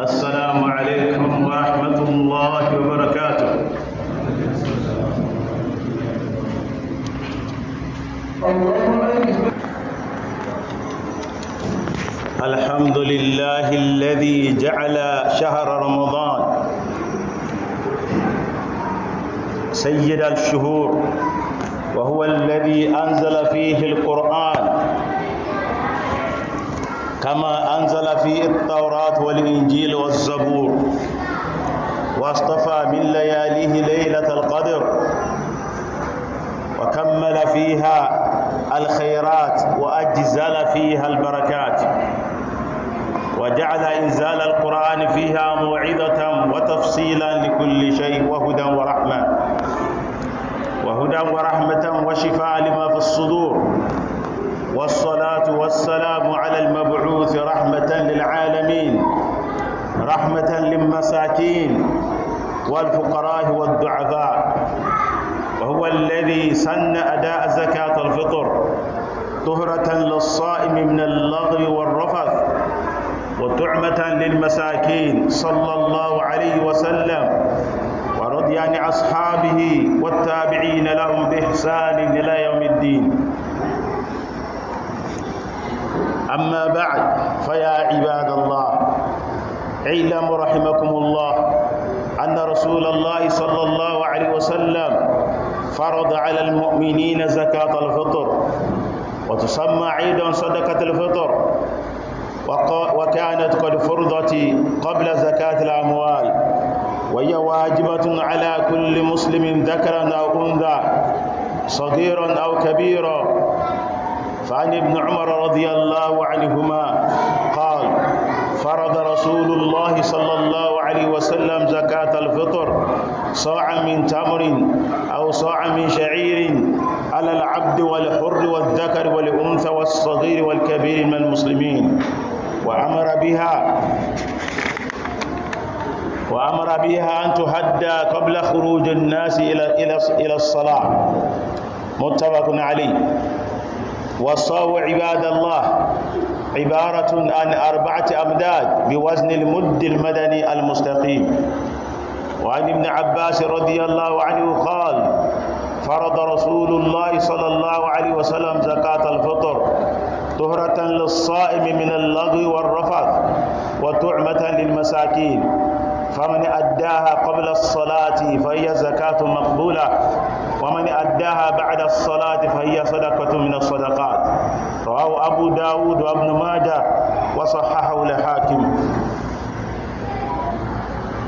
السلام عليكم ورحمة الله وبركاته الحمد لله الذي جعل شهر رمضان سيد الشهور وهو الذي أنزل فيه القرآن كما أنزل في التوراة والإنجيل والزبور واصطفى من لياليه ليلة القدر وكمل فيها الخيرات وأجزل فيها البركات وجعل إنزال القرآن فيها موعظة وتفصيلا لكل شيء وهدى ورحمة وهدى ورحمة وشفاء لما في الصدور والصلاة والسلام على المبعوث رحمة للعالمين رحمة للمساكين والفقراء والضعفاء وهو الذي سن أداء زكاة الفطر طهرة للصائم من اللغو والرفث وطعمة للمساكين صلى الله عليه وسلم ورضي عن أصحابه والتابعين لهم بإحسان إلى يوم الدين أما بعد فيا عباد الله علم رحمكم الله أن رسول الله صلى الله عليه وسلم فرض على المؤمنين زكاة الفطر وتسمى عيدا صدقة الفطر وكانت قد فرضت قبل زكاة الأموال وهي واجبة على كل مسلم ذكرا أو أنثى صغيرا أو كبيرا فعن ابن عمر رضي الله عنهما قال فرض رسول الله صلى الله عليه وسلم زكاة الفطر صاعا من تمر أو صاعا من شعير على العبد والحر والذكر والأنثى والصغير والكبير من المسلمين وأمر بها وأمر بها أن تهدى قبل خروج الناس إلى إلى إلى الصلاة متفق عليه وصاو عباد الله عبارة عن أربعة أمداد بوزن المد المدني المستقيم وعن ابن عباس رضي الله عنه قال فرض رسول الله صلى الله عليه وسلم زكاة الفطر طهرة للصائم من اللغو والرفث وتعمة للمساكين فمن أداها قبل الصلاة فهي زكاة مقبولة ومن أداها بعد الصلاة فهي صدقة من الصدقات رواه أبو داود وابن ماجه وصححه الحاكم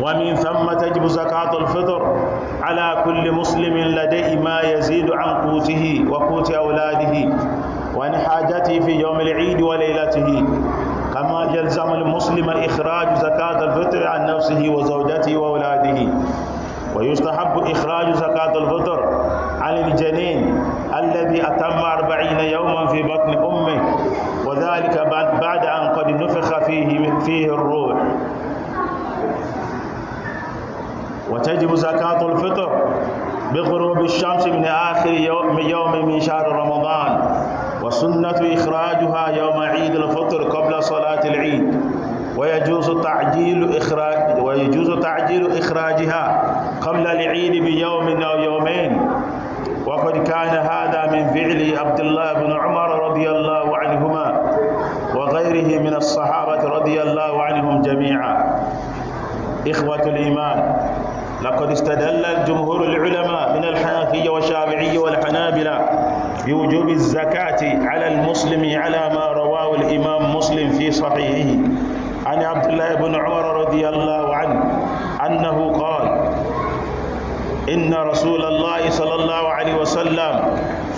ومن ثم تجب زكاة الفطر على كل مسلم لديه ما يزيد عن قوته وقوت أولاده وعن حاجته في يوم العيد وليلته كما يلزم المسلم إخراج زكاة الفطر عن نفسه وزوجته وأولاده ويستحب إخراج زكاة الفطر بغروب الشمس من آخر يوم, يوم من شهر رمضان وسنة إخراجها يوم عيد الفطر قبل صلاة العيد ويجوز تعجيل إخراج ويجوز تعجيل إخراجها قبل العيد بيوم أو يومين وقد كان هذا من فعل عبد الله بن عمر رضي الله عنهما وغيره من الصحابة رضي الله عنهم جميعا إخوة الإيمان لقد استدل الجمهور العلماء من الحنفية والشافعية والحنابلة بوجوب الزكاة على المسلم على ما رواه الإمام مسلم في صحيحه عن عبد الله بن عمر رضي الله عنه أنه قال إن رسول الله صلى الله عليه وسلم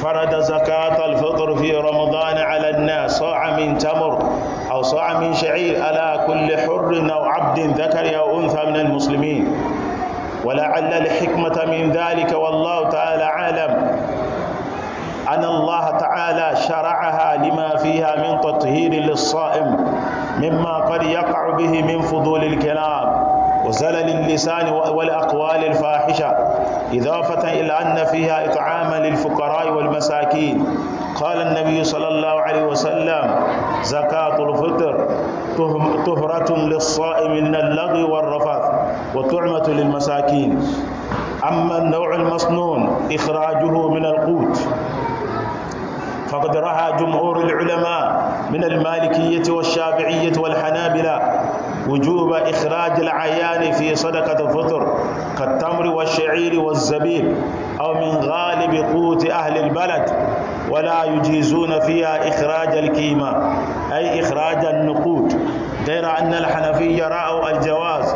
فرد زكاة الفطر في رمضان على الناس صاع من تمر أو صاع من شعير على كل حر أو عبد ذكر أو أنثى من المسلمين ولعل الحكمة من ذلك والله تعالى عالم أن الله تعالى شرعها لما فيها من تطهير للصائم مما قد يقع به من فضول الكلام وزلل اللسان والأقوال الفاحشة إضافة إلى أن فيها إطعام للفقراء والمساكين قال النبي صلى الله عليه وسلم زكاة الفطر طهرة للصائم من اللغو والرفث وطعمة للمساكين أما النوع المصنون إخراجه من القوت فقد رأى جمهور العلماء من المالكية والشافعية والحنابلة وجوب إخراج العيان في صدقة الفطر كالتمر والشعير والزبيب أو من غالب قوت أهل البلد ولا يجيزون فيها إخراج الكيمة أي إخراج النقود غير أن الحنفية رأوا الجواز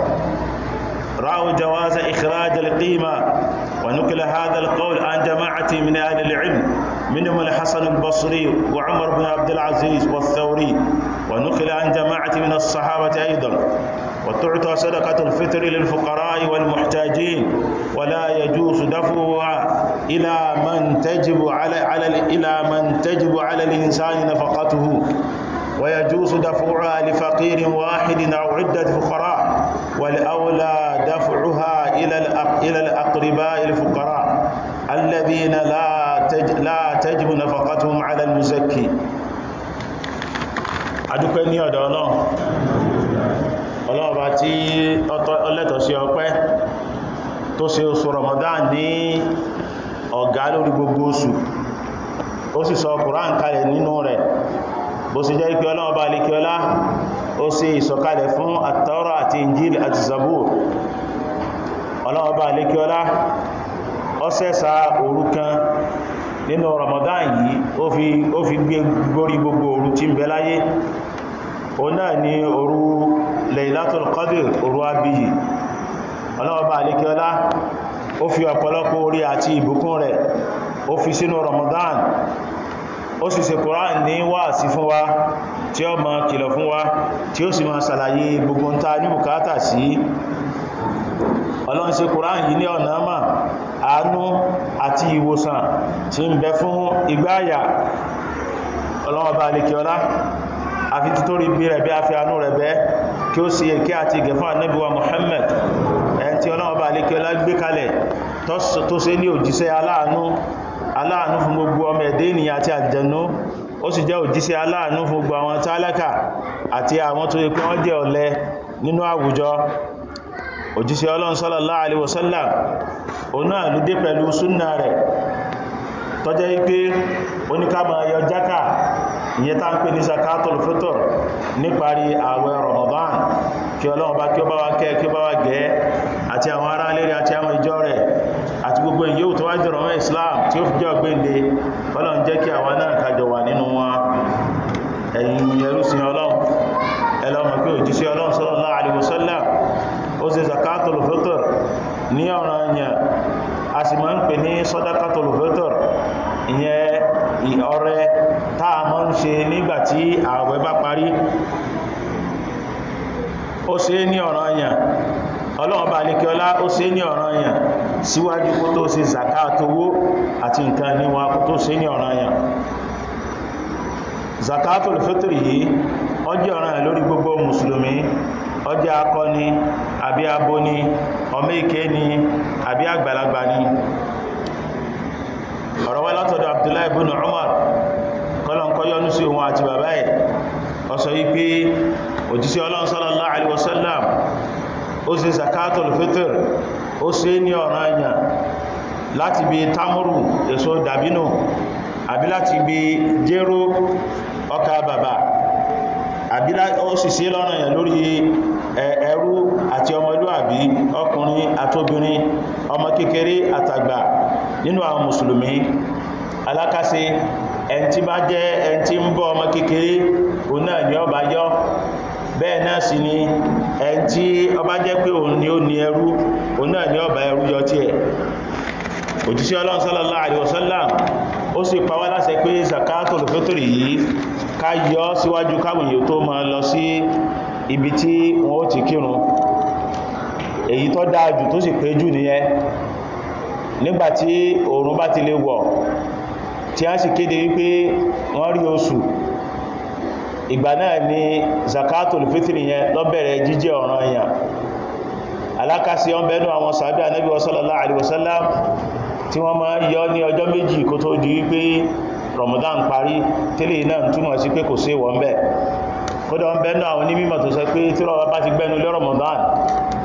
رأوا جواز إخراج القيمة ونقل هذا القول عن جماعة من أهل العلم منهم الحسن البصري وعمر بن عبد العزيز والثوري ونقل عن جماعة من الصحابة أيضا وتعطى صدقة الفطر للفقراء والمحتاجين ولا يجوز دفعها إلى من تجب على على إلى من تجب على الإنسان نفقته ويجوز دفعها لفقير واحد أو عدة فقراء والأولى دفعها إلى الأقرباء الفقراء الذين لا لا تجب نفقتهم على المزكي adúpẹ́ ní ọ̀dọ̀ ọlọ́run ọlọ́ọ̀bá tí ọlẹ́tọ̀ sí ọpẹ́ tó ṣe oṣù Ramadan ní ọ̀gá lórí gbogbo oṣù ó sì sọ Kùránì kalẹ̀ nínú rẹ̀ bó ṣe jẹ́ ìpẹ́ ọlọ́ọ̀bá alékiọlá ó ṣe ìsọ̀kalẹ̀ fún àtàrà àti injil àti zabur ọlọ́ọba alékiọlá ó sẹ́sà òru kan nínú Ramadan yìí ó fi gbé gbórí gbogbo òru tí ń bẹ láyé ó náà ni òru Laylatul Qadr òru abiyì ọlọ́ọba alékiọlá ó fi ọ̀pọ̀lọpọ̀ orí àti ìbùkún rẹ̀ ó fi sínú Ramadan ó sì ṣe Kùránì ní wáàsí fún wa tí ó ma kìlọ̀ fún wa tí ó sì ma sàlàyé gbogbo ń ta ní bùkátà sí ọlọ́run ṣe kùrán yìí ní ọ̀nà mà àánú àti ìwòsàn tí ń bẹ fún igbáyà ọlọ́run bá lè kí ọlá àfi títórí bí rẹ̀ bí a fi àánú rẹ̀ bẹ́ kí ó sì èké àti ìgẹ̀fún ànẹ́bíwa Muhammad ẹn tí ọlọ́run bá lè kí ọlá gbé kalẹ̀ tó ṣe ní òjíṣẹ́ aláàánú aláàánú fún gbogbo ọmọ ẹ̀dẹ́ ènìyàn àti àjẹnú ó sì jẹ́ òjíṣẹ́ aláàánú fún gbogbo àwọn tálákà àti àwọn tó yẹ pé wọ́n jẹ́ ọ̀lẹ nínú àwùjọ òjíṣẹ́ ọlọ́run sallallahu alaihi wasallam òun náà ló dé Ramadan kí ọlọ́run bá kí ó bá wá kẹ́ kí ó bá wá gẹ́ àti àwọn ará lérí àti àwọn gbogbo ìyóò tó wá jọ̀rọ̀ Islam tí ó fi jẹ́ ọgbẹ́ndé ọlọ́run ó ṣe é ní ọ̀ràn yàn ọlọ́run bá alékẹ́ ọlá ó ṣe é ní ọ̀ràn yàn síwájú kó tó ṣe zakat owó àti nǹkan ní kó tó ní gbogbo mùsùlùmí ọjọ́ akọni àbí abóni ọmọ ni àbí àgbàlagbà ni ọ̀rọ̀ wá látọ̀dọ̀ abdullahi ibn umar kọlọ̀nkọ́ yọ́nú sí òun àti bàbá ẹ̀ òjíṣẹ́ ọlọ́run sallallahu alaihi wasallam ó ṣe zakatul fitr ó ṣe ní ọ̀ràn àyàn láti bí tamuru èso dàbínú àbí láti bí jéró ọkà bàbà àbí ó sì ṣe lọ́ràn àyàn lórí ẹrú àti ọmọlúàbí ọkùnrin àtóbìnrin ọmọ kékeré àtàgbà nínú àwọn mùsùlùmí alákàṣe ẹni tí bá jẹ́ ẹni tí ń bọ́ ọmọ kékeré òun náà ni ọba yọ́ bẹ́ẹ̀ náà sì ni ẹn tí ọba jẹ́ pé òun ni ó ní ẹrú òun náà ni ọba ẹrú yọ tí ẹ̀ òjíṣẹ́ ọlọ́run sallallahu alaihi wasallam ó sì pa wá láṣẹ pé zakatul fitri yìí ká yọ síwájú káwòye tó ma lọ sí ibi tí wọ́n ó ti kírun èyí tó dáadù tó sì pé jù nìyẹn nígbàtí òòrùn ti a sì kéde wípé wọ́n rí oṣù ìgbà náà ni zakatul fitri yẹn lọ́bẹ̀rẹ̀ jíjẹ́ ọ̀ràn èèyàn alákàsí ọmọbẹ̀ẹ́nù àwọn sàábí ànábì sallallahu alaihi wasallam tí wọ́n máa yọ ní ọjọ́ méjì kó tó di wípé Ramadan parí tẹ́lẹ̀ náà túmọ̀ sí pé kò sí wọ́n bẹ̀ kódà ọmọbẹ̀ẹ́nù àwọn onímọ̀ tó sọ pé tí rọwọ́ bá ti gbẹ́nu lé Ramadan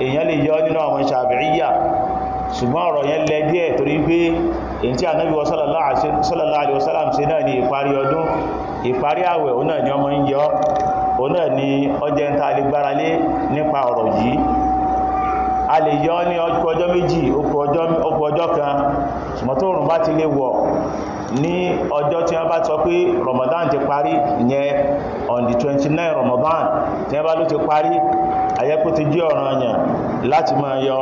èèyàn lè yọ nínú àwọn Ṣàfi'íyà ṣùgbọ́n ọ̀rọ̀ yẹn lẹ díẹ̀ torí pé èyí tí ànábì sallallahu alaihi ṣe náà ni ìparí ọdún ìparí àwẹ̀ òun náà ni ọmọ ń yọ òun náà ni ọjẹ́ ń ta lè gbára lé nípa ọ̀rọ̀ yìí a lè yọ ní ọkọ̀ ọjọ́ méjì ọjọ́ kan ṣùgbọ́n bá ti lè wọ̀ ní ọjọ́ tí wọ́n bá sọ pé Ramadan ti parí ìyẹn on 29 Ramadan tí wọ́n ti parí ti jí láti máa yọ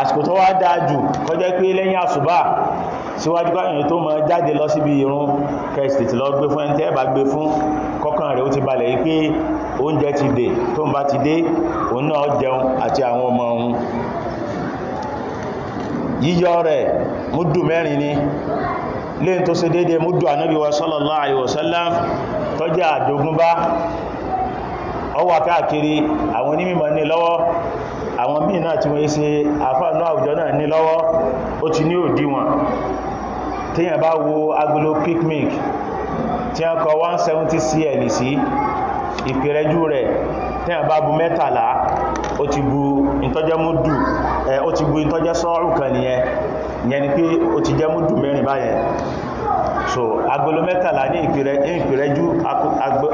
àsìkò tó wá dáa jù kọjá pé lẹ́yìn síwájú káyọ̀ tó máa jáde lọ síbi irun kẹsìtì tí lọ gbé fún ẹni tẹ́ bá gbé fún kọ́kàn rẹ̀ ó ti balẹ̀ yí pé oúnjẹ ti dè tó ń bá ti dé òun náà jẹun àti àwọn ọmọ òun yíyọ rẹ̀ múdù mẹ́rin ni léyìn tó ṣe déédéé múdù ànábì wa sallallahu alaihi wasallam tó jẹ́ àdógúnbá ó wà káàkiri àwọn onímọ̀ ní lọ́wọ́ àwọn míì náà tí wọ́n yé ṣe àfáànú àwùjọ náà ní lọ́wọ́ ó ti ní òdiwọ̀n tíyàn bá wo agolo picnic tí wọ́n kọ 170 cl sí ìpìrẹ́jú rẹ̀ tíyàn bá bu mẹ́tàlá ó ti bu ìtọ́jẹ́ múdù ẹ̀ ó ti bu ìtọ́jẹ́ sọ́ọ̀rù kan nìyẹn ìyẹn ni pé ó ti jẹ́ múdù mẹ́rin báyẹn so agolo mẹ́tàlá ní ìpìrẹ́jú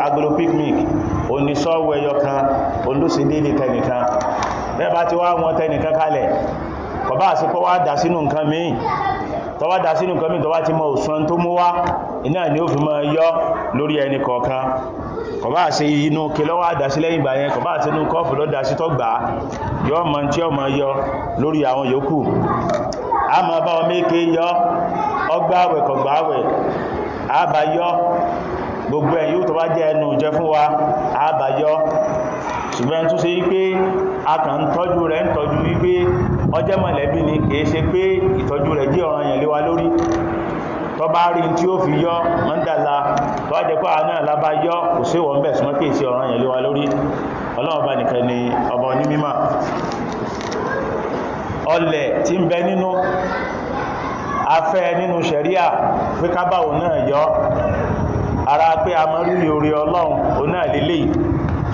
agolo picnic ó ní sọ́ọ̀wù ẹyọ kan olóṣè déédéé tẹnìkan bẹ́ẹ̀ bá ti wá wọn tẹnìkan kalẹ̀ kọ̀ bá àsìkò wá dà sínú nǹkan míì tó bá dá sínú nǹkan mí tó ti mọ òsùn tó mú wá iná ni ó fi mọ́ yọ́ lórí ẹni kọ̀ọ̀kan kò bá ṣe inú kí lọ́wọ́ àdásí lẹ́yìn ìgbà yẹn kò bá ṣe inú kọ́ọ̀fù lọ́dá sí tọ́gbà yọ́ mọ tí ó yọ lórí àwọn yòókù a mọ bá ọmọ èké yọ ọgbàwẹ̀ kọ̀gbàwẹ̀ a bá yọ gbogbo ẹ̀ tó bá jẹ́ ẹnu jẹ fún wa a bá yọ ṣùgbọ́n tó ṣe wípé a kàn ń tọ́jú rẹ̀ ń tọ́jú wípé ọjẹ́ mọ̀lẹ́bí ni kìí ṣe pé ìtọ́jú rẹ̀ jẹ́ ọ̀ranyàn lé wa lórí tó bá rí tí ó fi yọ́ mọ́ndàlá tó wá jẹ́ pé àwọn náà lábá yọ́ kò sí wọ́n bẹ̀ súnmọ́ kìí ṣe ọ̀ranyàn lé wa lórí ọlọ́run nìkan ni ọba oní mímọ̀ ọlẹ̀ tí ń bẹ nínú afẹ́ nínú ṣẹ̀ríà pé kábàwò náà yọ́ ara pé a mọ́ rí orí ọlọ́run òun náà lélẹ́yìí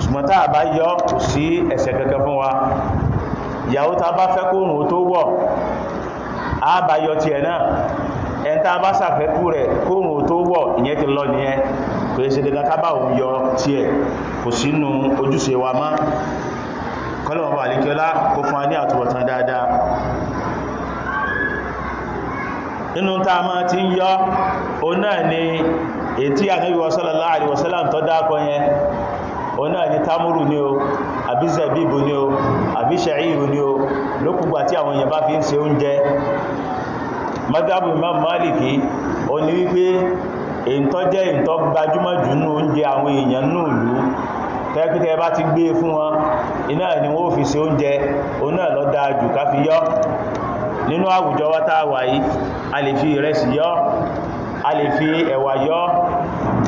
ṣùgbọ́n tá a bá yọ́ kò sí ẹ̀ṣẹ̀ kankan fún wa ìyàwó ta bá fẹ́ kó rùn tó wọ̀ àbáyọ ti ẹ̀ náà ẹn tá bá sàfẹ́kù rẹ̀ kó rùn tó wọ̀ ìyẹn ti lọ nìyẹn kò yẹ ṣe dandan ká bá òun yọ ti ẹ̀ kò sínú ojúṣe wa mọ́ kọ́lọ̀wọ̀n bá àlékiọlá kó fún wa ní àtúbọ̀tán dáadáa nínú tá a ti ń yọ òun náà ni ètí ànábì sallallahu alaihi wasallam tó dákọ yẹn òun náà ni támúrù ni o àbí zẹ̀bíbù ni o àbí ṣẹ̀ríìrù ni o lókùgbà tí àwọn èèyàn bá fi ń ṣe oúnjẹ mọ́dábù Imam Málìkì ó ní wípé èntọ́ jẹ́ èntọ́ gbajúmọ̀ jù oúnjẹ àwọn èèyàn nú ìlú tẹ́kítẹ́ bá ti gbé e fún wọn iná ni wọ́n fi ṣe oúnjẹ òun náà lọ dáa jù ká fi yọ́ nínú àwùjọ wa tá a wà yìí a lè fi ìrẹsì yọ́ a lè fi ẹ̀wà yọ́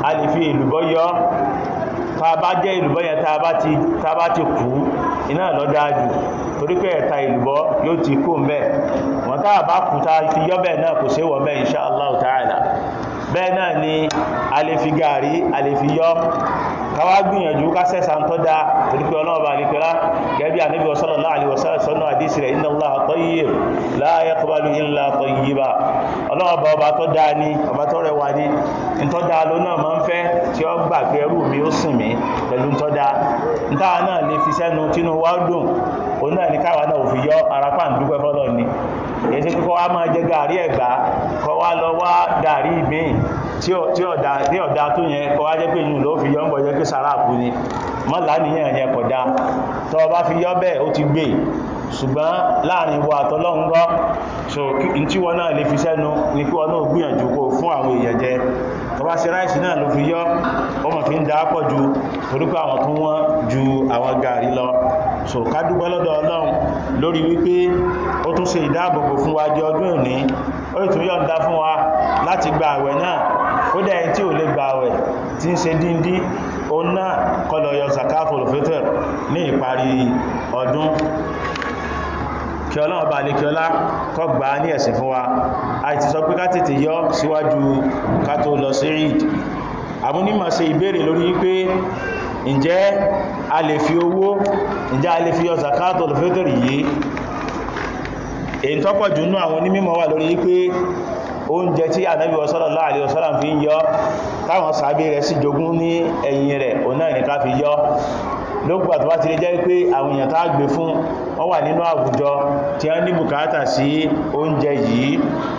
a lè fi èlùbọ́ yọ́ tàbá jẹ́ ìlúbọ́ yẹn tàbá ti kú iná lọ́dájú torí pé ẹ̀ta ìlúbọ́ yóò ti kú mẹ́ wọ́n tàbá kú ta fi yọ́ bẹ́ẹ̀ náà kò ṣe wọ́n bẹ́ẹ̀ insha Allah ta'ala bẹ́ẹ̀ náà ni a lè fi gàrí a lè fi yọ́ káwá gbìyànjú ká sẹ́sà ń tọ́já torípé ọlọ́ọ̀bà àlekọ́lá gẹ́bí ànábì sallallahu alaihi wasallam sọ́nà àdísì rẹ̀ inna Allaha tayyib la yaqbalu illa tayyiba ọlọ́ọ̀bà ọba tó dáa ní ọba tó rẹwà ní ntọ́já ló náà máa ń fẹ́ tí ó gbà pé ẹrú mi ó sìn mí pẹ̀lú ntọ́já ntáà náà lè fi sẹ́nu tínú wá dùn òun náà ní káwa náà ò fi yọ arapá ń dúpẹ́ fọ́lọ́ ni èyí tí kọ́ wa máa jẹ gàrí ẹ̀gbá kọ́ wa lọ wá gàrí ìmíì tí ọ̀dá tó yẹn kọ wá jẹ́ pé inú ló fi yọ́ ń bọ̀ jẹ́ pé sàráàkú ni mọ́lá nìyàn yẹn kọ̀dá tọ́ bá fi yọ́ bẹ́ẹ̀ ó ti gbé ṣùgbọ́n láàrin wa àtọ́lọ́ngọ́ so n tí wọ́n náà lè fi sẹ́nu ní kí wọ́n náà gbìyànjú kó fún àwọn èèyàn jẹ tó bá sí ráìsì náà ló fi yọ́ ọmọ fi ń dá pọ̀ ju torípé àwọn tó wọ́n ju àwọn gàrí lọ so ká dúpẹ́ lọ́dọ̀ ọlọ́run lórí wípé ó tún ṣe ìdáàbòbò fún wa di ọdún òní ó tún yọ̀ǹda fún wa láti gba àwẹ̀ náà kódà ẹni tí ò lè gba àwẹ̀ tí ń ṣe díndí òun náà kọlọ̀ yọ zakatul fitr ní ìparí ọdún kí ọlọ́run bá lè kí ọlá kó gbà á ní ẹ̀sìn fún wa a ti sọ pé ká tètè yọ síwájú ká tó lọ sí Eid àmúnímọ̀ ṣe ìbéèrè lórí wípé ǹjẹ́ a lè fi owó ǹjẹ́ a lè fi yọ zakatul fitr yìí èyí tọ́pọ̀ jù nú àwọn onímọ̀ wà lórí wípé oúnjẹ tí ànábì sallallahu alaihi wasallam fi ń yọ táwọn sàábé rẹ̀ sì jogún ní ẹ̀yìn rẹ̀ òun náà ní ká fi yọ lókùgbà tó bá ti lè jẹ́ pé àwọn èèyàn tá gbé fún wọ́n wà nínú àwùjọ tí a ní bùkátà sí oúnjẹ yìí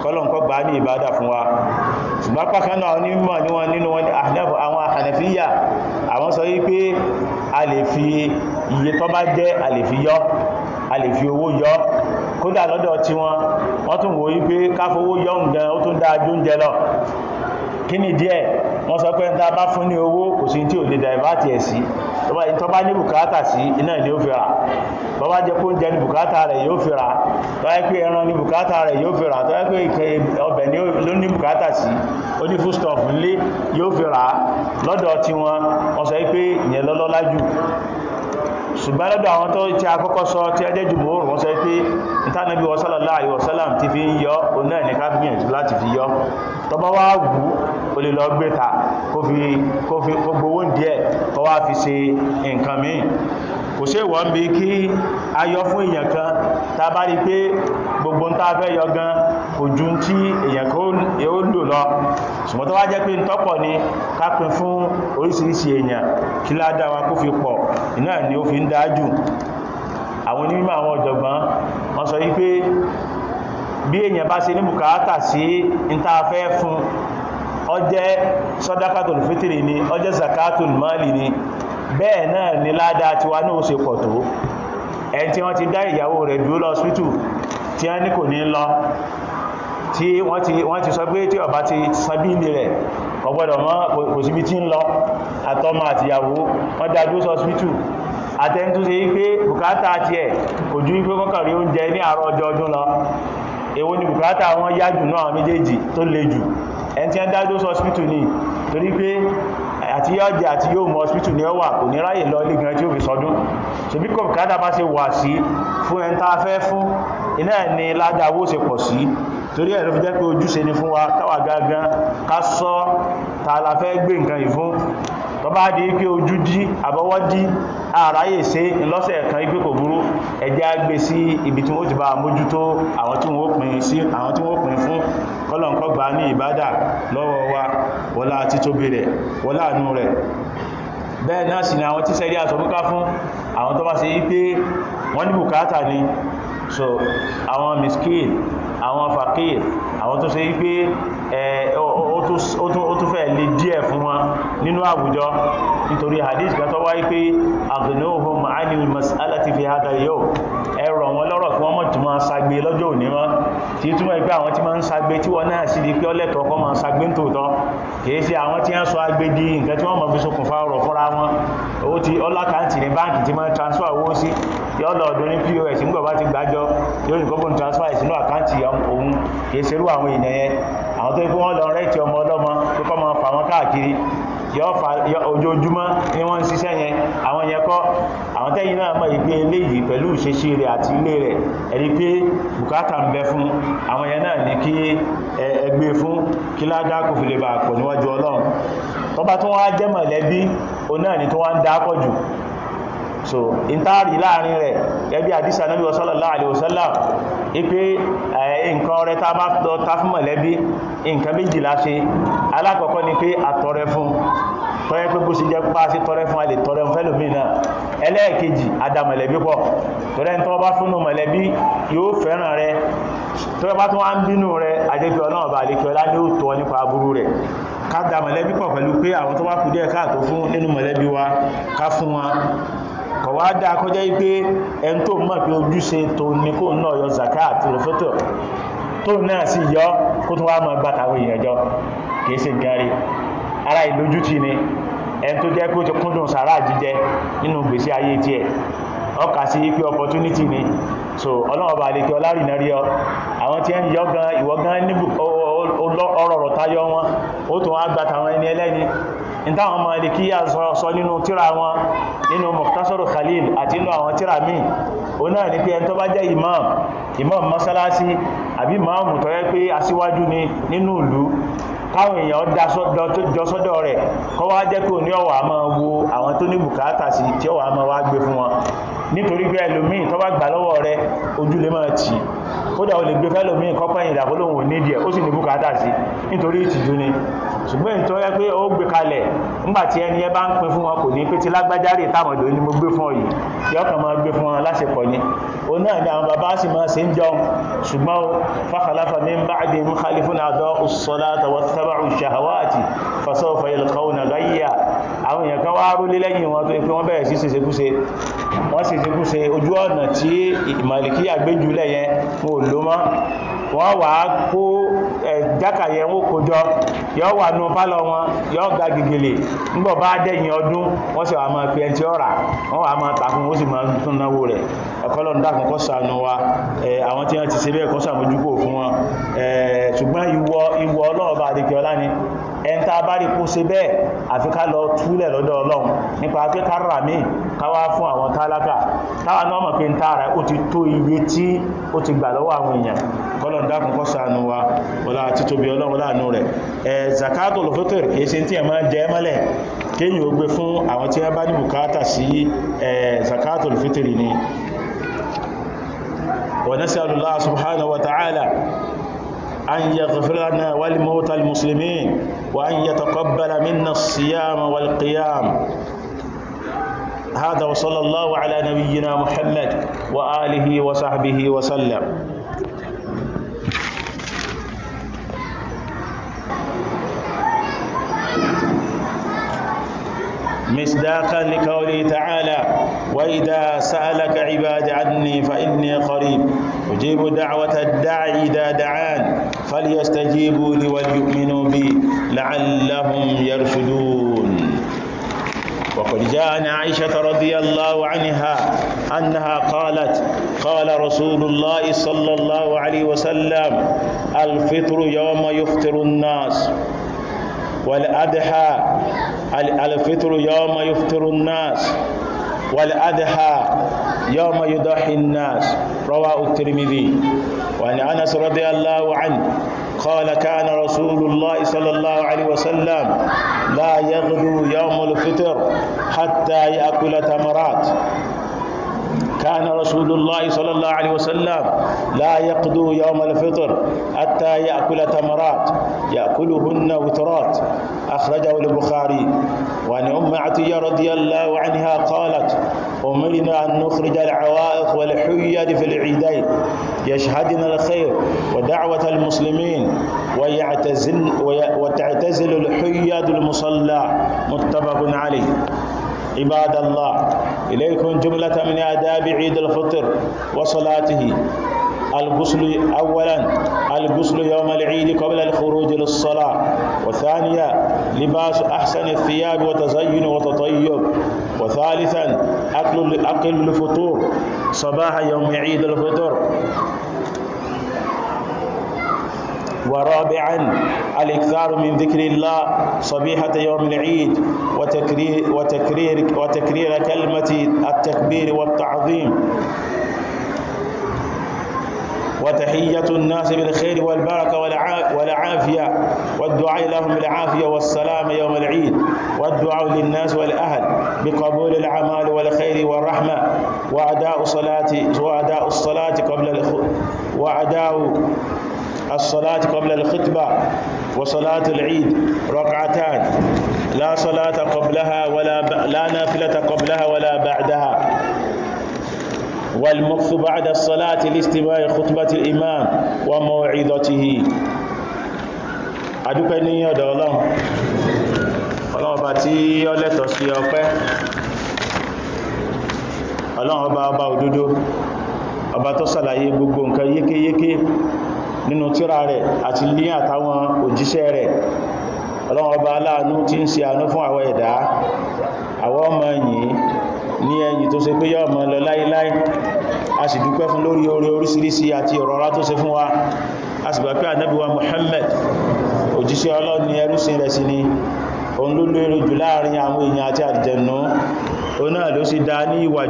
kọ́lọ̀nkọ́ gbà ní ìbádà fún wa ṣùgbọ́n pàkánà onímọ̀ ní wọn nínú àwọn àhànàfíyà àwọn sọ wípé a lè fi iye tó bá jẹ́ a lè fi yọ kódà lọ́dọ̀ tí wọn wọ́n tún wò wípé káfowó yọ́n gan ó tún dáa jóúnjẹ lọ kí ni díẹ̀ wọ́n sọ pé ta bá fún ní owó kò sí tí ò lè dàìbáàtì ẹ̀ sí tó bá ní bùkátà sí iná ni ó fi rà tó bá jẹ́ kóúnjẹ ní bùkátà rẹ̀ yóò fi rà tó yẹ pé ẹran ní bùkátà rẹ̀ yóò fi rà tó yẹ pé ọbẹ̀ ló ní bùkátà sí ó ní foodstuff nílé yóò fi rà lọ́dọ̀ tí wọn wọ́n sọ pé ìyẹn lọ́lọ́lá jù ṣùgbọ́n lọ́dọ̀ àwọn tó ti akọ́kọ́ sọ tí ẹjẹ́ jù mọ́ wọ́n sọ pé ìtànàbí sallallahu alaihi wasallam ti fi ń yọ òun náà ní ká gbìyànjú láti fi yọ tọba wá wù ó lè lọ gbé ta kó fi gbowó díẹ̀ kó wá fi ṣe nǹkan míì kò sí ìwọ̀n bí kí a yọ fún èèyàn kan tá bá rí pé gbogbo ń tá fẹ́ yọ gan ojú tí èyàn kan ó lò lọ ṣùgbọ́n tó wá jẹ́ pé tọ́pọ̀ ni kápin fún oríṣiríṣi èyàn kí ládá wa kó fi pọ̀ iná ni ó fi ń dájú àwọn onímọ̀ àwọn ọ̀jọ̀gbọ́n wọ́n sọ wípé bí èyàn bá ṣe ní bùkátà sí ìtafẹ́ fún ọjẹ́ sọ́dákàtòlù ni ọjẹ́ zakatòlù máàlì ni bẹ́ẹ̀ náà ni ládá tiwa náà ó ṣe pọ̀ tó ẹni tí wọ́n ti dá ìyàwó rẹ̀ dúró lọ sípítù ní kò ní lọ tí wọ́n ti sọ pé tí ọba ti sabílì rẹ̀ ọgbọ́dọ̀ mọ́ kò síbi tí ń lọ àtọmọ àtìyàwó wọ́n dájú sọ́sítù àtẹ́ntú sí pé bùkátà ti ẹ̀ kò jú wípé kọ́kànrí oúnjẹ ní àárọ̀ ọjọ́ ọdún lọ èwo ni bùkátà wọn yájù náà méjèèjì tó le jù ẹni tí wọ́n dájú sọ́sítù ni torí pé àti yọ́jẹ àti yóò mọ ọ̀sìpítù ní ọwà kò ní ráyè lọ ilé gan tí ó fi sọdún ṣe bí kọ̀ọ̀kádà bá ṣe wà sí fún ẹntà afẹ́ fún iná ni ládá owó ṣe pọ̀ sí torí ẹ̀ ló fi jẹ́ pé ojúṣe ni fún wa káwà gangan ká sọ ta la fẹ́ gbé nǹkan yìí fún tó bá di pé ojú dí àbọ̀wọ́ dí àráyè ṣe ńlọ́sẹ̀ kan ipé kò burú ẹjẹ́ á gbé sí ibi tí wọ́n ti bá mójútó àwọn tí wọ́n pín sí àwọn tí wọ́n pín fún kọ́lọ̀nkọ́ ní ìbádà lọ́wọ́ wa wọlá àti tóbi rẹ̀ wọlá àánú rẹ̀ bẹ́ẹ̀ náà sì ni àwọn tí sẹ́rí àsọ̀búká fún àwọn tó bá ṣe wípé wọ́n ní bùkátà ni so àwọn miskin àwọn fakir àwọn tó ṣe wípé ó tún fẹ́ lè díẹ̀ fún wọn nínú àwùjọ nítorí hadith kan tó wá wípé aghnūhum 'ani al-mas'alati fi hādhā al-yawm ẹ rọ̀ wọ́n lọ́rọ̀ kí wọ́n mọ̀ tí máa ṣagbe lọ́jọ́ òní wọn tí í túnmọ̀ ìpé àwọn tí máa ń ṣagbe tí wọ́n náà sì di pé ọlẹ́tọ̀ ọkọ̀ máa ṣagbe ń tòótọ́ kìí sí àwọn tí ń sọ agbe di nǹkan tí wọ́n mọ̀ fi ṣokùnfà ọ̀rọ̀ fúnra wọn owó ti ọlákàntì ní báǹkì tí máa transfer owó sí yọ́ lọ ọ̀dọ̀ ní pos nígbà bá ti gbàjọ yóò ní kókó transfer ìsínú àkáǹtì òun kìí ṣerú àwọn èèyàn yẹn àwọn tó ń fi wọ́n lọ rẹ́ẹ̀tì ọmọ ọlọ́mọ tó kọ́ máa fà wọ́n káàkiri yọ́ fa ojoojúmọ́ ni wọ́n ń ṣiṣẹ́ yẹn àwọn yẹn kọ́ àwọn tẹ́yìn náà mọ̀ ìpín eléyìí pẹ̀lú ìṣesí rẹ̀ àti ilé rẹ̀ ẹni pé bùkátà ń bẹ fún àwọn yẹn náà ní kí ẹgbẹ́ e fún kí ládá kò fi lè bà pọ̀ níwájú ọlọ́run tó bá tún wá jẹ́ mọ̀lẹ́bí òun náà ni tó wá ń dá pọ̀ jù so ìtaàrí láàrin rẹ̀ ẹbí àdísà náà bí wọ́n sọ́lọ̀ láàrin òsọ́lá ipé nǹkan ọrẹ tá bá tọ́ ta fún mọ̀lẹ́bí nǹkan méjìlá ṣe alákọ̀ọ́kọ́ ni pé àtọrẹ fún tọrẹ pé bó ṣe jẹ́ pa sí tọrẹ fún alè tọrẹ fún ẹlòmíràn ẹlẹ́ẹ̀kejì adamọ̀lẹ́bí pọ̀ tọrẹ ń tọ́ bá fúnnú mọ̀lẹ́bí yóò fẹ́ràn rẹ tọrẹ bá tún wá ń bínú rẹ àjẹpẹ́ ọlọ́run bá àlekẹ́ ọlá ní ó tọ́ nípa aburú rẹ̀ ká da pọ̀ pẹ̀lú pé àwọn tó bá kù díẹ̀ káàtó fún nínú mọ̀lẹ́bí wa ká fún wọn kọ̀wá dáa kọjá wípé ẹn tó mọ̀ pé ojúṣe tó ní kó náà yọ zaka àti rọ̀fọ́tọ̀ tó náà sì yọ kó tó wá mọ̀ bá tàwọn èèyàn jọ kìí ṣe nǹkan rí ara ìlójútì ni ẹn tó jẹ́ pé ó ti kúndùn sàrá jíjẹ nínú gbèsè ayé tiẹ̀ ọkà sí pé opportunity ni so ọlọ́run ọba àlekẹ́ ọlárìnà rí ọ àwọn tí ẹ ń yọ gan ìwọ gan níbù ọrọ̀ ọ̀rọ̀ tayọ wọn ó tún wá gbàtàwọn ẹni ẹlẹ́ni ìtàwọn Màlíkíyà sọ nínú tíra wọn nínú Mukhtasar Khalil àti inú àwọn tíra míì o náà ní pé ẹni tó bá jẹ́ imam imam masalasi àbí imam tó yẹ pé aṣíwájú ni nínú ìlú káwọn èèyàn jọ sọ́dọ̀ rẹ̀ kọ́ wá jẹ́ kí òní ọ̀wà máa wo àwọn tó ní bùkátà sí tí ọ̀wà máa wá gbé fún wọn nítorí pé ẹlòmíì tó bá gbà lọ́wọ́ rẹ̀ ojú máa tì í kódà o lè gbé fẹ́lò mí kọ́pẹ́yìn ìdàkólóhùn nídìí ẹ̀ ó sì ní bùkátà sí nítorí ìtìjú ni ṣùgbọ́n ìtọ́ yẹ pé ó gbé kalẹ̀ ńgbàtí ẹni ẹ bá ń pín fún wọn kò ní pé ti lágbájárè táwọn ìlú ni mo gbé fún ọ yìí yọ máa gbé fún wọn lásìkò ni ó náà ni àwọn bàbá sì máa ṣe ń jọ ṣùgbọ́n fàkàlàfà ní ń bá àdé mú khalifun àdọ́ òṣìṣọ́lá tàwọn tábàrù ṣàhàwá àti fasọ́fà ilẹ̀ kọ́ọ̀nà gáyíyà àwọn èèyàn kan wá rólé lẹ́yìn wọn tó pé wọ́n bẹ̀rẹ̀ sí ṣeṣekúṣe wọ́n ṣeṣekúṣe ojú ọ̀nà tí ìmàlìkíyà gbéjúlẹ̀ yẹn wọn ò ló mọ́ wọ́n wà á kó jákàyẹ wọn kójọ yọ wà nù pálọ̀ wọn yọ ga gègèlè nígbọ̀ bá dẹ̀yìn ọdún wọ́n sì wà máa pe ẹntì ọ̀rà wọ́n wà máa tàkùn ó sì máa tún náwó rẹ̀ ẹ̀kọ́lọ̀ ń dákun kọ́ wa àwọn tí wọ́n ti ṣe bẹ́ẹ̀ kọ́ sàmójúkò fún wọn ṣùgbọ́n ìwọ ìwọ ọlọ́ọ̀bá adékẹ́ọlá ni ẹ̀ntà bá rí kó ṣe bẹ́ẹ̀ àfi ká lọ túlẹ̀ lọ́dọ̀ ọlọ́run nípa pé ká rà míì káwá fún àwọn tálákà táwa náà mọ̀ pé ń tààrà ó ti tó iye tí ó ti gbà lọ́wọ́ àwọn èèyàn kọ́lọ̀ ń dákun kọ́ sànù wa ọlá àti tóbi ọlọ́run láàánú rẹ̀ أن يغفر لنا والموت المسلمين وأن يتقبل منا الصيام والقيام هذا وصلى الله على نبينا محمد وآله وصحبه وسلم مصداقا لقوله تعالى وإذا سألك عبادي عني فإني قريب أجيب دعوة الداعي إذا دعان فليستجيبوا لي وليؤمنوا بي لعلهم يرشدون وقد جاء عن عائشة رضي الله عنها أنها قالت قال رسول الله صلى الله عليه وسلم الفطر يوم يفطر الناس والأضحى الفطر يوم يفطر الناس والأدهى يوم يضحي الناس رواه الترمذي وعن أنس رضي الله عنه قال كان رسول الله صلى الله عليه وسلم لا يغدو يوم الفطر حتى يأكل تمرات كان رسول الله صلى الله عليه وسلم لا يقدو يوم الفطر حتى يأكل تمرات يأكلهن وترات أخرجه البخاري وعن أم عطية رضي الله عنها قالت أمرنا أن نخرج العوائق والحياد في العيدين يشهدنا الخير ودعوة المسلمين ويعتزل وتعتزل الحياد المصلى متفق عليه عباد الله إليكم جملة من آداب عيد الفطر وصلاته الغسل أولا الغسل يوم العيد قبل الخروج للصلاة وثانيا لباس أحسن الثياب وتزين وتطيب وثالثا أكل الفطور صباح يوم عيد الفطر ورابعا الإكثار من ذكر الله صبيحة يوم العيد وتكرير, وتكرير, وتكرير كلمة التكبير والتعظيم وتحية الناس بالخير والبركة والعافية والدعاء لهم بالعافية والسلام يوم العيد والدعاء للناس والأهل بقبول الأعمال والخير والرحمة وأداء صلاة وأداء الصلاة قبل وأداء الصلاة قبل الخطبة وصلاة العيد ركعتان لا صلاة قبلها ولا ب... لا نافلة قبلها ولا بعدها والمكث بعد الصلاة لاستماع خطبة الإمام وموعظته adúpẹ́ ní ọ̀dọ̀ ọlọ́run ọlọ́run ọba tí ó lẹ́tọ̀ sí ọpẹ́ ọlọ́run ọba ọba òdodo ọba tó ṣàlàyé gbogbo nǹkan yékéyéké nínú tírà rẹ̀ àti ní àtàwọn òjíṣẹ́ rẹ̀ ọlọ́run ọba aláàánú tí ń ṣe àánú fún àwọn ẹ̀dá àwọn ọmọ yìí ní ẹ̀yìn tó ṣe pé yọ́ ọmọ lọ láíláí a sì dúpẹ́ fún lórí orí oríṣiríṣi àti ìrọ̀rá tó ṣe fún wa a sì gbà pé ànábì Muhammad òjíṣẹ́ ọlọ́run ni ẹrúsìn rẹ̀ sí ni òun ló lérò jù láàrin àwọn èèyàn àti àdìjẹ̀nú òun náà ló sì dá ní ìwà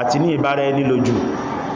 àti ní ìbára ẹni lò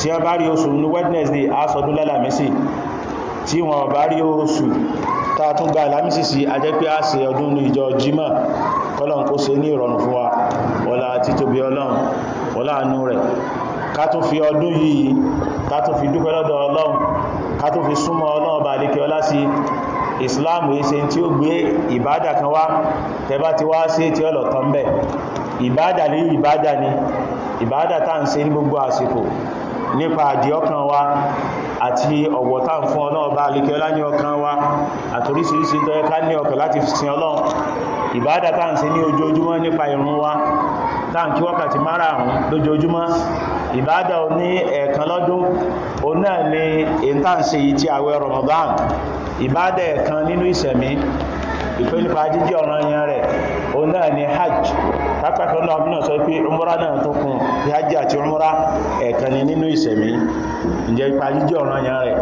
tí wọ́n bá rí oṣù ní Wednesday asọdún lálàmísì tí wọ́n bá rí oṣù tààtún gba àlámísì sí ajẹ́ pé a ṣe ọdún ní ìjọ Jímọ̀ kọ́lọ̀n kó ṣe ní ìrọ̀rùn fún wa ọlá títóbi Ọlọ́run ọlá àánú rẹ̀ ká tún fi ọdún yìí ká tún fi dúpẹ́ lọ́dọ̀ Ọlọ́run ká tún fi súnmọ́ Ọlọ́run bá lékè ọlá sí ìsìláàmù yìí ṣe tí ó gbé ìbádà kan wá tẹbá ti wá sí tí ọlọ̀ tán bẹ̀ ìbádà ní ìbádà ni ìbádà tá ń ṣe ní gbogbo àsìkò nípa àdí ọkàn wa àti ọ̀wọ̀ tá ń fún ọlọ́run bá alikẹ́ ọlá ní ọkàn wa àtorísìírísìí tó yẹ ká ní ọkàn láti fi sin ọlọ́run ìbádà tá ń ṣe ní ojoojúmọ́ nípa ìrun wa tá ń kí wákàtí márààrún lójoojúmọ́ ìbádà ò ní ẹ̀ẹ̀kan lọ́dún òun náà ni èyí tá ń ṣe yìí ti àwẹ̀ Ramadan ìbádà ẹ̀ẹ̀kan nínú ìṣẹ̀mí ìfẹ́ nípa jíjẹ́ ọ̀ràn yẹn rẹ̀ òun náà ni hajj pápákan náà mìíràn sọ pé umra náà tó kún bí hajj àti umra ẹ̀kan ni nínú ìṣẹ̀mí ìjẹ́ ipa jíjẹ́ ọ̀ràn yẹn rẹ̀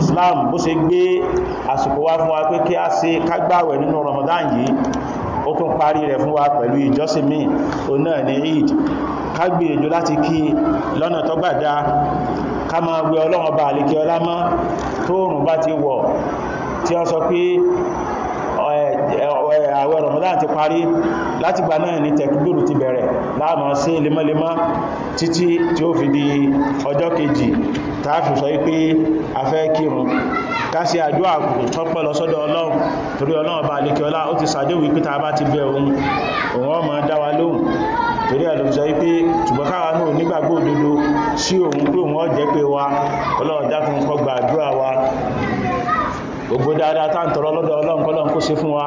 Islam bó ṣe gbé àsìkò wá fún wa pé kí a ṣe kágbàwẹ̀ nínú Ramadan yìí ó tún parí rẹ̀ fún wa pẹ̀lú ìjọsìn míì òun náà ni Eid ká gbìyànjú láti kí lọ́nà tó gbàdá ká máa gbé ọlọ́run ọba àlékẹ́ ọlá mọ́ tóòrùn bá ti wọ̀ tí wọ́n sọ pé àwẹ̀ Ramadan ti parí látìgbà náà ní tẹ̀kbírù ti bẹ̀rẹ̀ láàmà sí lemọ́lemọ́ títí tí ó fi di ọjọ́ kejì tààfi sọ wípé a fẹ́ kírun kásí àjọ àkùkù tọ́pẹ́ lọ sọ́dọ̀ ọlọ́run torí ọlọ́run bá lè kí ọlá ó ti sàdéwì pé ta bá ti bẹ̀ òun òun ọmọ dáwà lóhùn torí ẹ̀ ló fi sọ wípé ṣùgbọ́n káwa náà nígbàgbọ́ òdodo sí òun pé òun ọ̀jẹ́ pé wa ọlọ́run dákun kó gba àdúrà wa gbogbo dáadáa tá ń tọrọ lọ́dọ̀ ọlọ́run kọ́lọ́run kó ṣe fún wa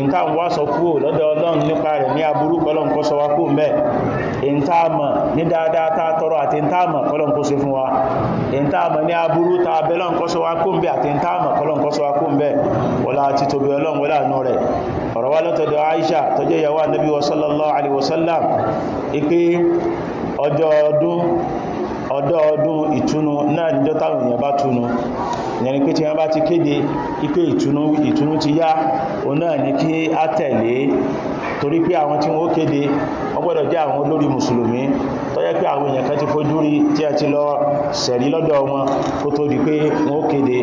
ìntà ń wá sọ kúrò lọ́dọ̀ ọlọ́run nípa rẹ̀ ní aburú kọ́lọ́run kó sọ wá kúrò mẹ́ ìntà mọ̀ ní dáadáa tá tọrọ àti ìntà mọ̀ kọ́lọ́run kó ṣe fún wa ìntà mọ̀ ní aburú tá abẹ́lọ́run kó sọ wá kúrò mẹ́ àti ìntà mọ̀ kọ́lọ́run kó sọ wá kúrò mẹ́ wọlá àti tòbí ọlọ́run wọlá àánú rẹ̀ ọ̀rọ̀ wá lọ́tọ̀dọ̀ Aisha tọ́jẹ́ ìyàwó Ànábì sallallahu alaihi wasallam ìpé ọjọ́ ọdún Ọdọọdụ ọdún náà níjọ́ táwọn èèyàn bá túnú ìyẹn ni pé tí wọ́n bá ti kéde ipé ìtúnú ìtúnú ti yá o náà ní kí á tẹ̀lé torí pé àwọn tí wọ́n kéde wọ́n gbọ́dọ̀ jẹ́ àwọn olórí mùsùlùmí tó jẹ́ pé àwọn èèyàn kan ti fojú rí tí a ti lọ sẹ̀rí lọ́dọ̀ wọn kó tó di pé wọ́n kéde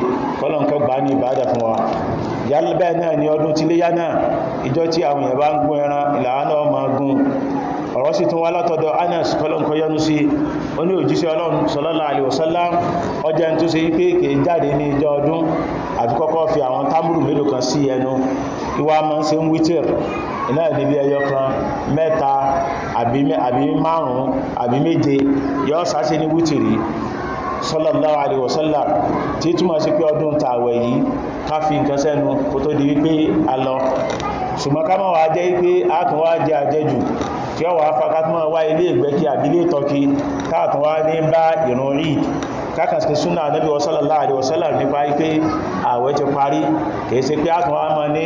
ọ̀rọ̀ sì tún wá látọ̀dọ̀ anas kọlọ́nkọ́ yọnu sí oní òjíṣẹ́ ọlọ́run sallallahu alaihi wasallam ọjọ́ tó ṣe wípé kè jáde ní ìjọ ọdún àti kọ́kọ́ fi àwọn tábùrù mélòó kan sí ẹnu ìwà máa ń ṣe ń wítìr iná níbi ẹyọ kan mẹ́ta àbí márùn-ún àbí méje yọ́ sáṣe ní wítìrì sallallahu alaihi wasallam tí túnmọ̀ sí pé ọdún tààwẹ̀ yìí ká fi nǹkan sẹ́nu kò tó di wípé a lọ ṣùgbọ́n ká mọ̀ wá jẹ́ wípé a kàn wá jẹ àjẹjù tí ó wà fàkátùmọ̀ wá ilé ìgbẹ́kí àbílé tọ́kí káàtàn wá ní bá ìrun rí kákàsí súnà Ànábì sallallahu alaihi wasallam nípa pé àwẹ̀ ti parí kìí ṣe pé àtún wá mọ́ ní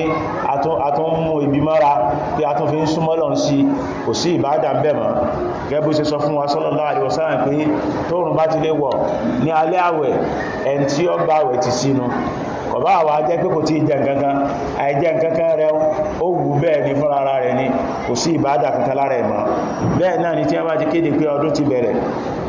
àtún mú ibi mọ́ra pé àtún fi ń súnmọ́ lọ sí kò sí ìbádà bẹ̀mọ̀ gẹ́bù ṣe sọ fún wa sallallahu alaihi wasallam pé tóòrùn bá ti lè wọ̀ ní alẹ́ àwẹ̀ ẹni tí ó bá àwẹ̀ ti sínú kọ̀bá àwà jẹ́ pé kò tí ì jẹ nǹkankan àìjẹ nǹkankan rẹ ó wù bẹ́ẹ̀ ni fún ara rẹ̀ ni kò sí ìbádà kankan lára ẹ̀ mọ́ bẹ́ẹ̀ náà ni tí wọ́n bá ti kéde pé ọdún ti bẹ̀rẹ̀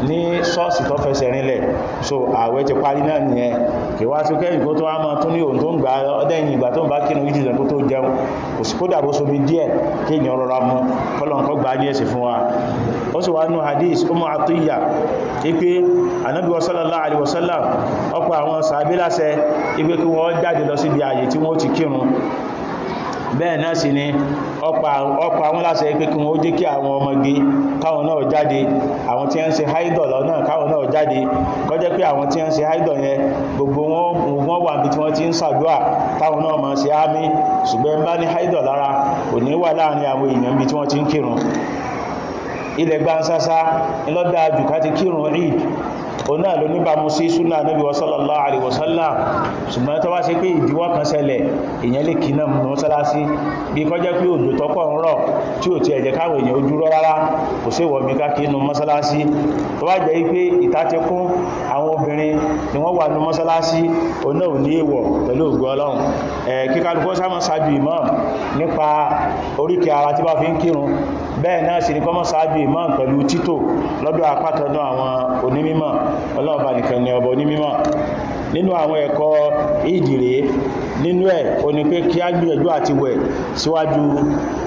ní ṣọ́ọ̀ṣì tó fẹsẹ̀ rinlẹ̀ so àwẹ̀ ti parí náà nìyẹn kì wá sí kẹ́yìn kó tó wá mọ́ tún ní òun tó ń gbà ọdẹ́yìn ìgbà tó ń bá kírun yìí jìdàn tó jẹun kò sí kódà bó somi díẹ̀ kéèyàn rọra mú kọ́lọ̀ kọ́ gbà ní ẹ̀sìn fún wa ó sì wá nú hadith Ummu Atiyya ipé anábí sallallahu alaihi wasallam ọ̀pọ̀ àwọn sàábé láṣẹ ipé kí wọ́n jáde lọ síbi ààyè tí wọ́n ti kírun bẹ́ẹ̀ náà sì ni ọ̀pọ̀ àwọn láṣẹ ipé kí wọ́n jẹ́ kí àwọn ọmọge káwọn náà jáde àwọn tí ń ṣe haidọ̀ lọ́nà káwọn náà jáde kọjẹ́ pé àwọn tí ń ṣe haidọ̀ yẹn gbogbo wọn wà níbi tí wọ́n ti ń ṣàdúà táwọn náà máa ṣe ámì ṣùgbọ́n bá ní haidọ̀ lára kò ní wà láàrin àwọn èèyàn níbi tí wọ́n ti ń kírun ilẹ̀ gbansasa ìlọ́dá jù ká ti kírun eid òun náà ló níbàmú sí súnà Ànábì sallallahu alaihi wasallam ṣùgbọ́n tó wá ṣe pé ìdíwọ́ kan ṣẹlẹ̀ èyàn lè kí náà mú mọ́sálásí bí kọ́ jẹ́ pé òjò tọ́pọ̀ ń rọ̀ tí ò ti ẹ̀jẹ̀ káwọn èyàn ojú rárá kò sí ìwọ̀mí káàkiri nú mọ́sálásí tó wá jẹ́ pé ìta ti kún àwọn obìnrin bẹ́ẹ̀ náà sì ní kọ́mọ́ sáájú imam pẹ̀lú títò lọ́dọ̀ apákanná àwọn onímímọ̀ ọlọ́ọ̀bá nìkan ni ọba onímímọ̀ nínú àwọn ẹ̀kọ́ ìdìrí nínú ẹ̀ o ní pé kí á gbìyànjú àti wẹ̀ síwájú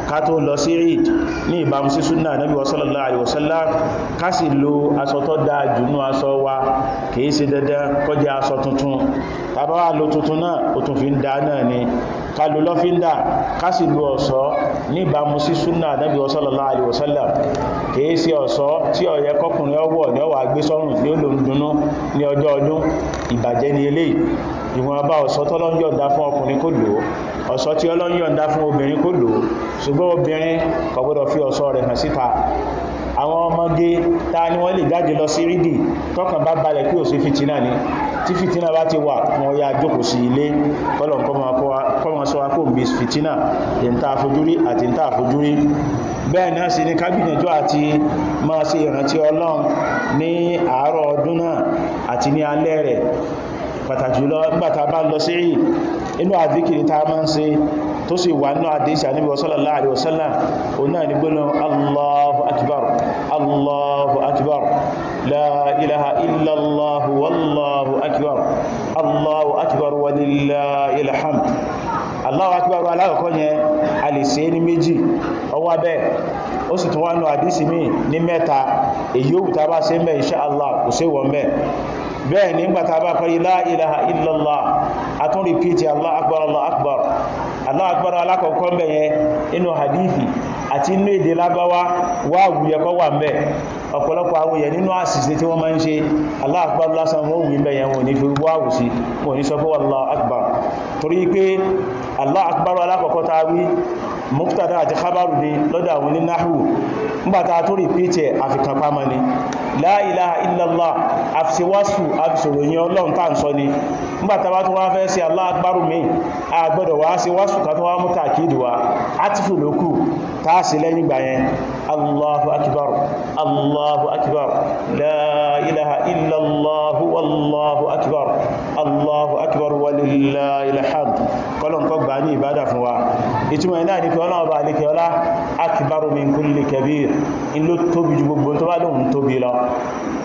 ká tó lọ sí ríd ní ìbámu sí súnà Ànábì sallallahu alaihi wasallam ká sì lo aṣọ tó dáa jù nú aṣọ wa kìí ṣe dandan kó jẹ́ aṣọ tuntun tàbá wà lo tuntun náà ó tún fi ń dáa náà ni ká lo lọ́fíndà ká sì lo ọ̀ṣọ́ níbàmú sí súnà ànábì sallallahu alaihi wasallam kìí sí ọ̀ṣọ́ tí ó yẹ kọkùnrin ọwọ́ ní ọwà gbé sọ́rùn ní ó lòun dúnú ní ọjọ́ ọdún ìbàjẹ́ ni eléyìí ìwọ̀n bá ọ̀ṣọ́ tọ́lọ́njọ́ dá fún ọkùnrin kò lò ọ̀ṣọ́ tí ọlọ́yọ̀ dá fún obìnrin kò lò ṣùgbọ́n obìnrin kò gbọ́dọ̀ fi ọ̀ṣọ́ rẹ̀ hàn síta àwọn ọmọge ta ni wọ́n lè jáde lọ sí rídì tọ́kàn bá balẹ̀ kí ò sí fìtínà ni tí fìtínà bá ti wà wọ́n ya jókòó sí ilé kọ́lọ̀ kọ́mọ sọ akó bí fìtínà ìntà àfojúrí àti ìntà àfojúrí bẹ́ẹ̀ náà sì ní kábìyànjú àti máa ṣe ìrántí ọlọ́run ní àárọ̀ ọdún náà àti ní alẹ́ rẹ̀ pàtàkì jùlọ nígbàtà bá lọ sí rí inú àdíkìrí ta máa ń ṣe tó sì wà ní àdíṣà níbi sallallahu alaihi wasallam òun náà ní gbóná Allahu akbar Allahu akbar لا إله إلا الله والله أكبر الله أكبر ولله الحمد الله أكبر alákọ̀ọ́kọ́ yẹn a lè ṣe ní méjì ọwọ́ bẹ́ẹ̀ ó sì tún wá nù àdísì míì ní mẹ́ta èyí ó wùta bá ṣe mẹ́ insha Allah kò sí wọ́n mẹ́ bẹ́ẹ̀ ní gbàtà bá parí la ilaha illallah a tún rìpítì àti inú èdè lábáwá wá àwùyẹkọ́ wà mẹ́ ọ̀pọ̀lọpọ̀ àwọn èèyàn nínú àṣìṣe tí wọ́n máa ń ṣe Allahu Akbar lásán wọ́n wù mẹ́ yẹn wọ́n ní fi wá àwù sí wọ́n ní sọ pé Allahu Akbar torí pé Allahu Akbar alákọ̀ọ́kọ́ ta wí mọ́kútàdá àti kábàrù ni lọ́dọ̀ àwọn ní náhù nígbàtà tó rí pẹ́tẹ̀ àfikàn pàmà ni la àfisíwásù àfisòròyìn ọlọ́run tàà ń sọ ni nígbàtà bá tó wá fẹ́ sí Allahu mi àgbọ́dọ̀ wá sí wásù ká tó á ti fò lókù tààsì lẹ́yìn ìgbà yẹn allahu akbar allahu akbar la ilaha illallahu wallahu akbar allahu akbar walillahil hamd kọlọ̀nkọ́ gbà ní ìbádà fún wa ìtumọ̀ iná ní pé ọlọ́wọ́ bá alékẹ́ ọlá akbaru min kulli kabir in ló tóbi ju gbogbo tó bá lóhun tóbi lọ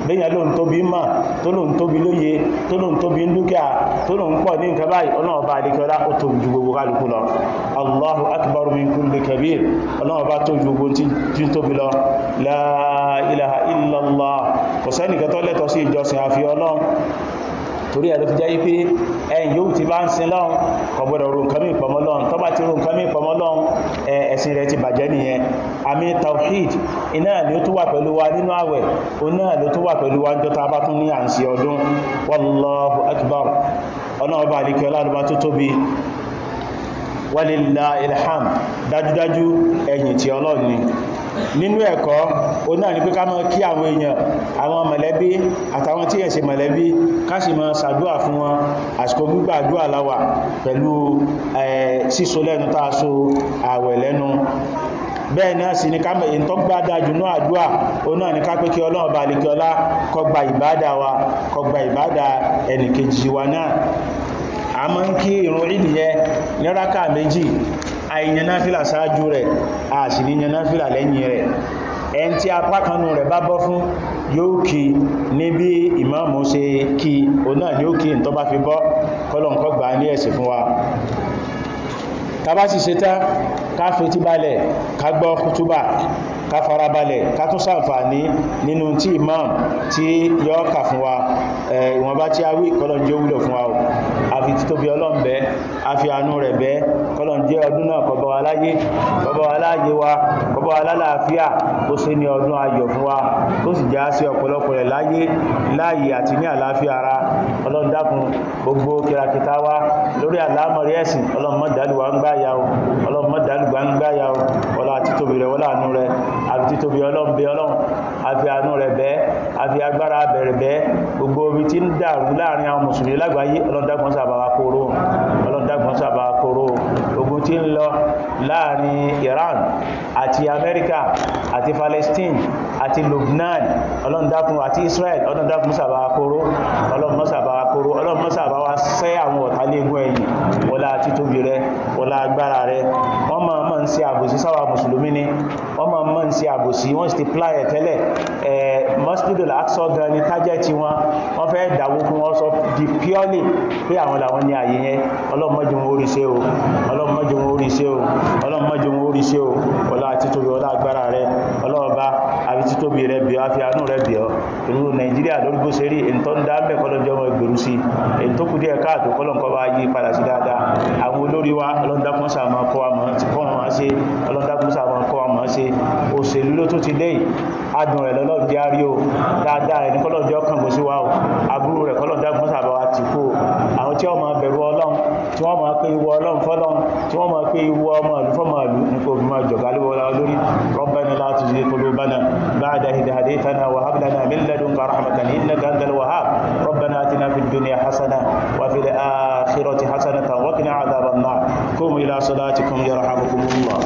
bẹ́yàn lóhun tóbi mọ̀ tó lóhun tóbi lóye tó lóhun tóbi ń dúkìá tó lóhun pọ̀ ní nǹkan báyìí ọlọ́run bá adékọ́lá ó tóbi ju gbogbo kálukú lọ allahu akbar min kulli kabir ọlọ́run bá tóbi ju gbogbo tí ń tóbi lọ la ilaha illallah kò sẹ́nìkan tó sí ìjọsìn àfi ọlọ́run torí ẹ̀ ló fi jẹ́ pé ẹ̀yìn yóò ti bá ń sin lọ́run kò gbọ́dọ̀ ro nǹkan mí pọ̀mọ́ lọ́run tó bá ti ro nǹkan mí pọ̀mọ́ lọ́run ẹ̀sìn rẹ̀ ti bàjẹ́ nìyẹn àmì tawhid iná ni ó tún wà pẹ̀lú wa nínú àwẹ̀ òun náà ló tún wà pẹ̀lú wa jọta bá tún ní à ń ṣe ọdún wallahu akbar ọ̀nà ọba àdíkẹ́ ọlọ́run tó tóbi walillahil hamd dájúdájú ẹ̀yìn tí ọlọ́run nínú ẹ̀kọ́ o náà ni pé ká máa kí àwọn èèyàn àwọn mọ̀lẹ́bí àtàwọn tí ẹ̀ṣẹ̀ mọ̀lẹ́bí ká sì máa ṣàdúà fún wọn àsìkò gbígbà àdúà láwà pẹ̀lú síso lẹ́nu táa so ààwẹ̀ lẹ́nu bẹ́ẹ̀ náà sì ni kámẹ̀ ìntọ́ gbádá jùnú àdúà o náà ni ká kí ọlọ́run bá lè kí ọlá kọgbà ìbádà wa kọgbà ìbádà ẹnìkejì wa náà a mọ́ ń kí ìrun ìdíyẹ ní méjì àìyàn náfílà sáájú rẹ̀ àṣìní yàn náfílà lẹ́yìn rẹ̀ ẹn tí apá kanú rẹ̀ bá bọ́ fún yóò kí ní bí ìmáàmù ṣe kí o náà ni ó kí n tó bá fi bọ́ kọlọ̀nkọ́ gbà ní ẹ̀sìn fún wa tá bá sì ṣe balẹ̀ ká kútúbà ká farabalẹ̀ ká tún ṣàǹfààní nínú tí imam tí yọ́ kà fún wa ìwọ̀nba tí a wí kọ́lọ̀n jẹ́ wúlò fún wa o a fi títóbi ọlọ́run bẹ̀ àánú rẹ̀ bẹ̀ kọ́lọ̀n ọdún náà kó bá wa láyé kó bá wa láyé wa kó bá wa lálàáfíà ó ṣe ní ọdún ayọ̀ wa tó sì já sí ọ̀pọ̀lọpọ̀ rẹ̀ láyé láàyè àti ní àlàáfíà ara ọlọ́run dákun gbogbo kìràkìtà ń gbáyà o ọlọ́run mọ́dàlù rẹ̀ wọ́lá àánú rẹ̀ títóbi ọlọ́run bẹ ọlọ́run àfi àánú rẹ̀ bẹ́ àfi agbára bẹ̀rẹ̀ bẹ́ gbogbo omi tí ń dàrú láàrin àwọn mùsùlùmí lágbàáyé ọlọ́dàgbọ́n sàbàwà kóró ọlọ́dàgbọ́n sàbàwà kóró ogun tí ń lọ láàrin Iran àti Amẹ́ríkà àti Palestine àti Lubnan ọlọ́dàkùn àti Israel ọlọ́dàkùn sàbàwà kóró àbòsí wọ́n sì ti plan ẹ̀ tẹ́lẹ̀ ẹ̀ mọ́sílẹ̀ làásọ̀ gan ni tájẹ́tì wọn wọ́n fẹ́ dàwó kí wọ́n sọ di purely pé àwọn làwọn ní ààyè yẹn ọlọ́mọdé wọn orí ṣe o ọlọ́mọdé wọn orí ṣe o ọlọ́mọdé wọn orí ṣe o ọlá àti tóbi ọlá agbára rẹ ọlọ́ọ̀bá àbí títóbi rẹ bíọ́ àfi àánú rẹ bíọ́ ìlú nàìjíríà lórúkọ sẹ́rí ètò ń dá mẹ́kọ́lọ́jọ́ ọmọ ìgbèrú sí ètò kù díẹ̀ káàtó kọ́lọ̀kọ́ bá yí padà sí dáadáa àwọn olórí wa ọlọ́ndàkúnsà máa kọ́ wa mọ́ sí ọlọ́ndàkúnsà máa mọ̀ sí òṣèlú ló tó ti dé yìí adùn rẹ̀ lọ́lọ́ jẹ́ àrí o dáadáa rẹ̀ ní kọ́lọ̀ jẹ́ ọkàn gbòsí wa rẹ̀ kọ́lọ̀ وفي الآخرة حسنة وقنا عذاب النار قوموا إلى صلاتكم يرحمكم الله